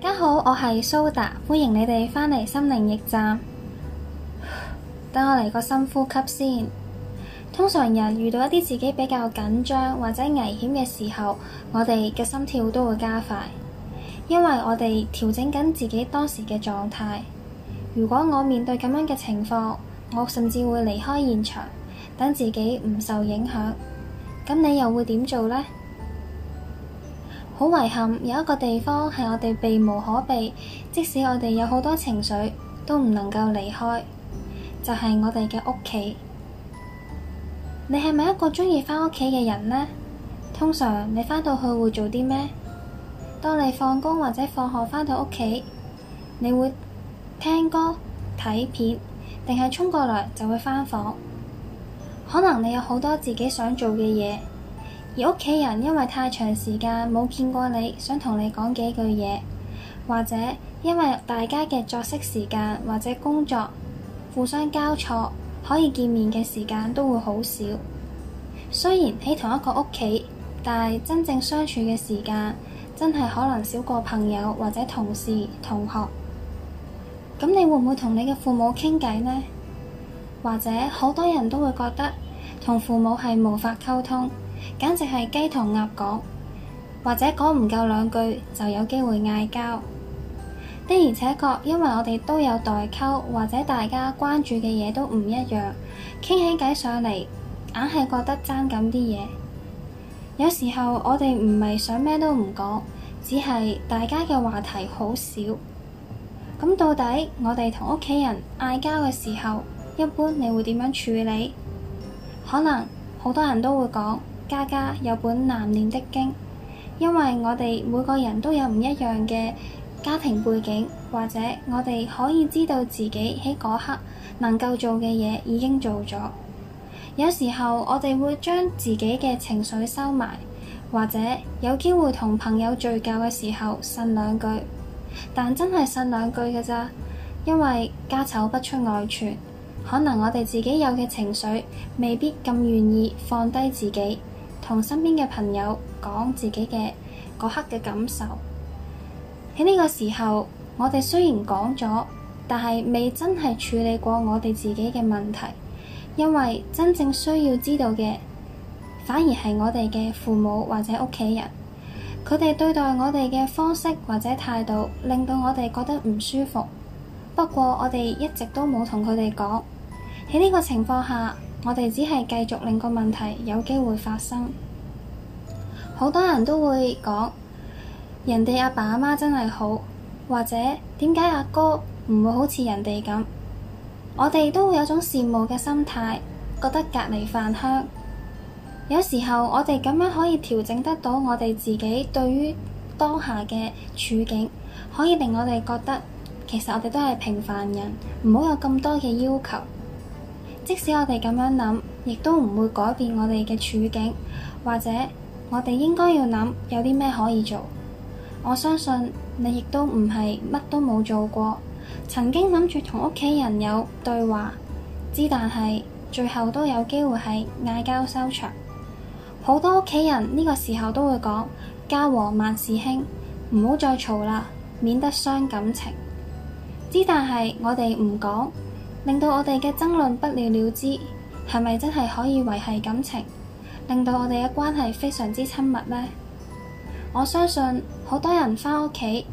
大家好，我係蘇達，歡迎你哋返嚟心靈驛站。等我嚟個深呼吸先。通常人遇到一啲自己比較緊張或者危險嘅時候，我哋嘅心跳都會加快，因為我哋調整緊自己當時嘅狀態。如果我面對咁樣嘅情況，我甚至會離開現場，等自己唔受影響。咁你又會點做呢？好遺憾，有一個地方係我哋避無可避，即使我哋有好多情緒，都唔能夠離開，就係我哋嘅屋企。你係咪一個鍾意翻屋企嘅人呢？通常你翻到去會做啲咩？當你放工或者放學翻到屋企，你會聽歌、睇片，定係沖個涼就會翻房？可能你有好多自己想做嘅嘢。而屋企人因為太長時間冇見過你，想同你講幾句嘢，或者因為大家嘅作息時間或者工作互相交錯，可以見面嘅時間都會好少。雖然喺同一個屋企，但係真正相處嘅時間真係可能少過朋友或者同事同學。咁你會唔會同你嘅父母傾偈呢？或者好多人都會覺得同父母係無法溝通。簡直係雞同鴨講，或者講唔夠兩句就有機會嗌交。的而且確，因為我哋都有代溝，或者大家關注嘅嘢都唔一樣，傾起偈上嚟硬係覺得爭緊啲嘢。有時候我哋唔係想咩都唔講，只係大家嘅話題好少。咁到底我哋同屋企人嗌交嘅時候，一般你會點樣處理？可能好多人都會講。家家有本難念的經，因為我哋每個人都有唔一樣嘅家庭背景，或者我哋可以知道自己喺嗰刻能夠做嘅嘢已經做咗。有時候我哋會將自己嘅情緒收埋，或者有機會同朋友聚舊嘅時候呻兩句，但真係呻兩句嘅咋，因為家醜不出外傳，可能我哋自己有嘅情緒未必咁願意放低自己。同身邊嘅朋友講自己嘅嗰刻嘅感受。喺呢個時候，我哋雖然講咗，但係未真係處理過我哋自己嘅問題。因為真正需要知道嘅，反而係我哋嘅父母或者屋企人。佢哋對待我哋嘅方式或者態度，令到我哋覺得唔舒服。不過我哋一直都冇同佢哋講。喺呢個情況下。我哋只係繼續令個問題有機會發生。好多人都會講人哋阿爸阿媽真係好，或者點解阿哥唔會好似人哋咁？我哋都會有種羨慕嘅心態，覺得隔離飯香。有時候我哋咁樣可以調整得到我哋自己對於當下嘅處境，可以令我哋覺得其實我哋都係平凡人，唔好有咁多嘅要求。即使我哋咁樣諗，亦都唔會改變我哋嘅處境，或者我哋應該要諗有啲咩可以做。我相信你亦都唔係乜都冇做過，曾經諗住同屋企人有對話，之但係最後都有機會係嗌交收場。好多屋企人呢個時候都會講家和萬事興，唔好再嘈啦，免得傷感情。之但係我哋唔講。令到我哋嘅爭論不了了之，係咪真係可以維繫感情，令到我哋嘅關係非常之親密呢？我相信好多人返屋企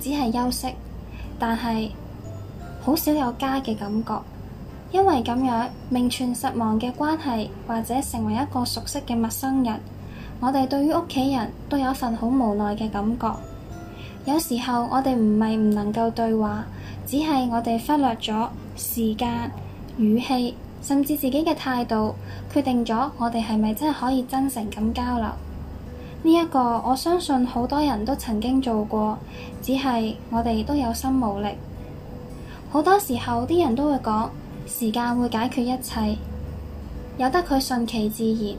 只係休息，但係好少有家嘅感覺，因為咁樣名存實亡嘅關係，或者成為一個熟悉嘅陌生人，我哋對於屋企人都有一份好無奈嘅感覺。有時候我哋唔係唔能夠對話，只係我哋忽略咗。時間、語氣，甚至自己嘅態度，決定咗我哋係咪真係可以真誠咁交流呢？一、這個我相信好多人都曾經做過，只係我哋都有心無力。好多時候啲人都會講時間會解決一切，由得佢順其自然。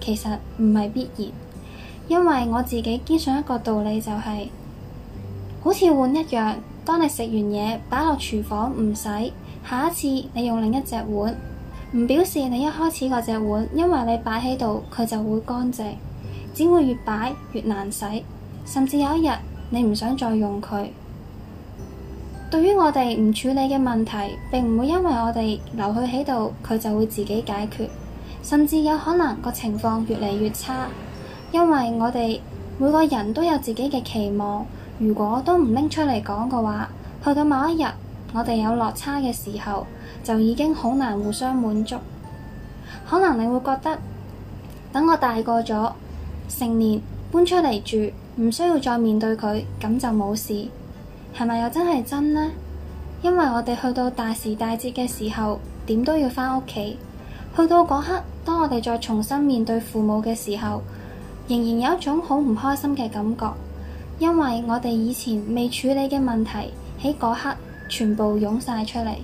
其實唔係必然，因為我自己堅信一個道理，就是，就係好似碗一樣，當你食完嘢擺落廚房唔使。下一次你用另一隻碗，唔表示你一開始嗰隻碗，因為你擺喺度，佢就會乾淨，只會越擺越難洗，甚至有一日你唔想再用佢。對於我哋唔處理嘅問題，並唔會因為我哋留佢喺度，佢就會自己解決，甚至有可能個情況越嚟越差，因為我哋每個人都有自己嘅期望，如果都唔拎出嚟講嘅話，去到某一日。我哋有落差嘅時候，就已經好難互相滿足。可能你會覺得，等我大個咗，成年搬出嚟住，唔需要再面對佢，咁就冇事。係咪又真係真呢？因為我哋去到大時大節嘅時候，點都要翻屋企。去到嗰刻，當我哋再重新面對父母嘅時候，仍然有一種好唔開心嘅感覺，因為我哋以前未處理嘅問題喺嗰刻。全部湧晒出嚟，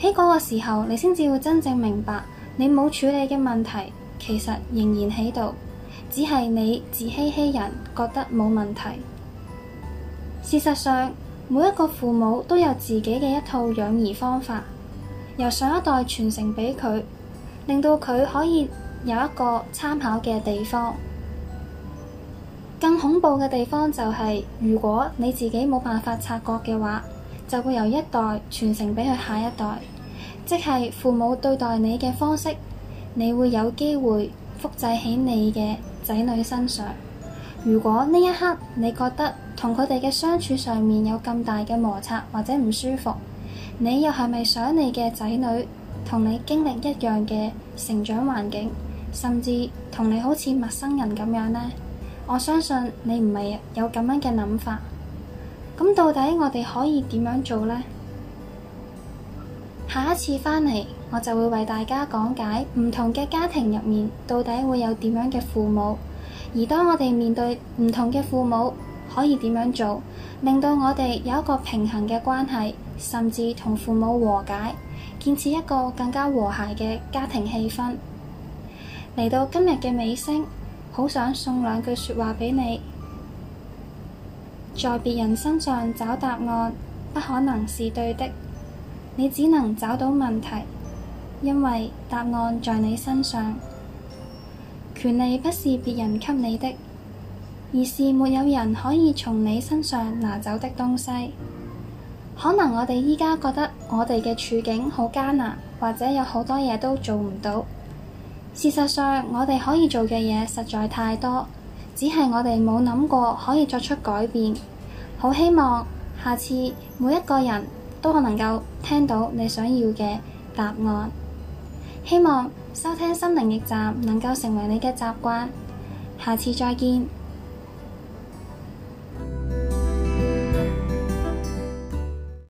喺嗰個時候，你先至會真正明白，你冇處理嘅問題其實仍然喺度，只係你自欺欺人，覺得冇問題。事實上，每一個父母都有自己嘅一套養兒方法，由上一代傳承俾佢，令到佢可以有一個參考嘅地方。更恐怖嘅地方就係，如果你自己冇辦法察覺嘅話。就會由一代傳承俾佢下一代，即係父母對待你嘅方式，你會有機會複製喺你嘅仔女身上。如果呢一刻你覺得同佢哋嘅相處上面有咁大嘅摩擦或者唔舒服，你又係咪想你嘅仔女同你經歷一樣嘅成長環境，甚至同你好似陌生人咁樣呢？我相信你唔係有咁樣嘅諗法。咁到底我哋可以點樣做呢？下一次返嚟，我就會為大家講解唔同嘅家庭入面到底會有點樣嘅父母，而當我哋面對唔同嘅父母，可以點樣做，令到我哋有一個平衡嘅關係，甚至同父母和解，建設一個更加和諧嘅家庭氣氛。嚟到今日嘅尾聲，好想送兩句說話俾你。在別人身上找答案不可能是對的，你只能找到問題，因為答案在你身上。權利不是別人給你的，而是沒有人可以從你身上拿走的東西。可能我哋而家覺得我哋嘅處境好艱難，或者有好多嘢都做唔到，事實上我哋可以做嘅嘢實在太多。只係我哋冇諗過可以作出改變。好希望下次每一個人都能夠聽到你想要嘅答案。希望收聽《心靈驛站》能夠成為你嘅習慣。下次再見。